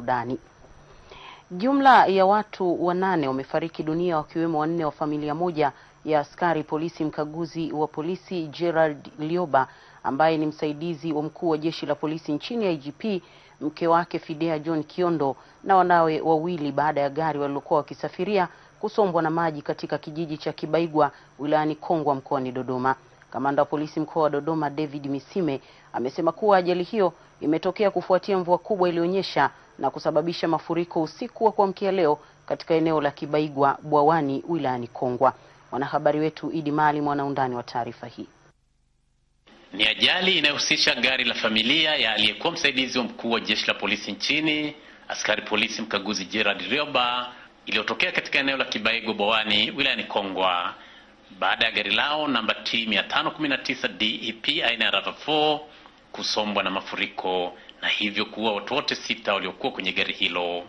burudani. Jumla ya watu wanane wamefariki dunia wakiwemo wanne wa familia moja ya askari polisi. Mkaguzi wa polisi Gerald Lioba ambaye ni msaidizi wa mkuu wa jeshi la polisi nchini IGP, mke wake Fidea John Kiondo na wanawe wawili baada ya gari walilokuwa wakisafiria kusombwa na maji katika kijiji cha Kibaigwa wilayani Kongwa mkoani Dodoma. Kamanda wa polisi mkoa wa Dodoma David Misime amesema kuwa ajali hiyo imetokea kufuatia mvua kubwa iliyonyesha na kusababisha mafuriko usiku wa kuamkia leo katika eneo la Kibaigwa Bwawani wilayani Kongwa. Mwanahabari wetu Idi Mali mwana undani wa taarifa hii. Ni ajali inayohusisha gari la familia ya aliyekuwa msaidizi wa mkuu wa jeshi la polisi nchini, askari polisi mkaguzi Gerard Rioba, iliyotokea katika eneo la Kibaigwa Bwawani wilayani Kongwa baada ya gari lao namba T 519 DEP aina ya RAV4 kusombwa na mafuriko na hivyo kuwa watu wote sita waliokuwa kwenye gari hilo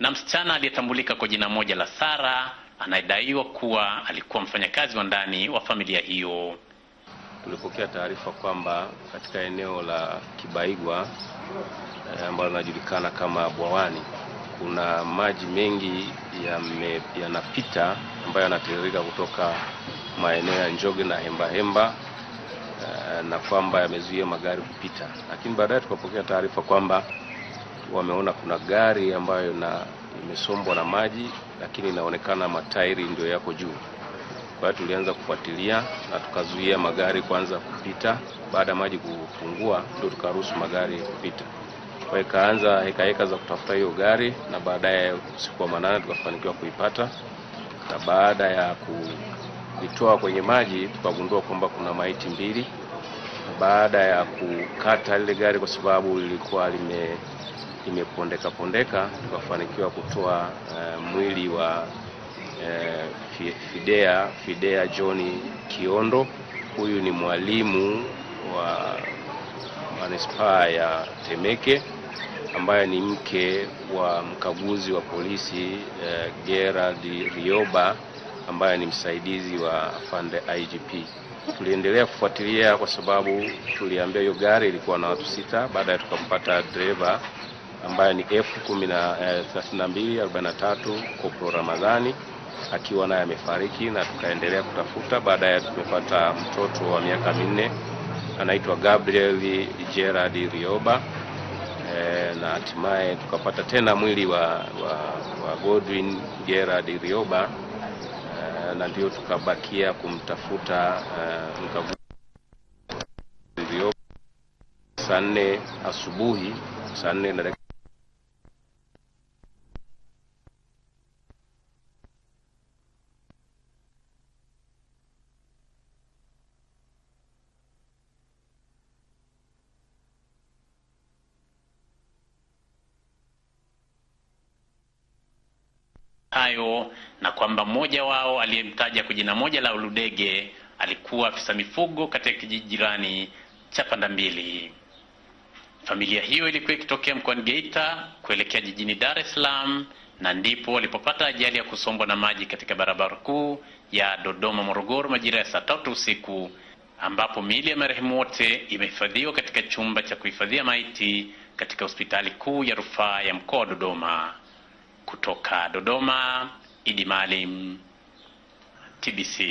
na msichana aliyetambulika kwa jina moja la Sara anayedaiwa kuwa alikuwa mfanyakazi wa ndani wa familia hiyo. Tulipokea taarifa kwamba katika eneo la Kibaigwa eh, ambalo linajulikana kama Bwawani, kuna maji mengi yanapita ya ambayo yanatiririka kutoka maeneo ya Njoge na Hembahemba hemba. Eh, na kwamba yamezuia magari kupita, lakini baadaye tukapokea taarifa kwamba wameona kuna gari ambayo na imesombwa na maji, lakini inaonekana matairi ndio yako juu. Kwa hiyo tulianza kufuatilia na tukazuia magari kwanza kupita. Baada ya maji kupungua, ndio tukaruhusu magari kupita. Kwa hiyo ikaanza heka heka za kutafuta hiyo gari, na baadaye usiku wa manane tukafanikiwa kuipata, na baada ya kuitoa kwenye maji tukagundua kwamba kuna maiti mbili baada ya kukata lile gari kwa sababu lilikuwa lime imepondeka pondeka, tukafanikiwa kutoa uh, mwili wa uh, Fidea Fidea John Kiondo. Huyu ni mwalimu wa manispaa ya Temeke ambaye ni mke wa mkaguzi wa polisi uh, Gerald Rioba ambaye ni msaidizi wa afande IGP. Tuliendelea kufuatilia kwa sababu tuliambia hiyo gari ilikuwa na watu sita. Baadaye tukampata dreva ambaye ni eh, elfu 3243 Koplo Ramadhani akiwa naye amefariki, na tukaendelea kutafuta. Baadaye tumepata mtoto wa miaka minne anaitwa Gabriel Gerard Rioba e, na hatimaye tukapata tena mwili wa, wa, wa Godwin Gerard Rioba na ndio tukabakia kumtafuta uh, mkaguzi saa nne asubuhi saa nne na hayo na kwamba mmoja wao aliyemtaja kwa jina moja la uludege alikuwa afisa mifugo katika kijiji jirani cha panda mbili Familia hiyo ilikuwa ikitokea mkoani Geita kuelekea jijini Dar es Salaam na ndipo walipopata ajali ya kusombwa na maji katika barabara kuu ya Dodoma Morogoro majira ya saa tatu usiku ambapo miili ya marehemu wote imehifadhiwa katika chumba cha kuhifadhia maiti katika hospitali kuu ya rufaa ya mkoa wa Dodoma. Kutoka Dodoma, Idi Maalim, TBC.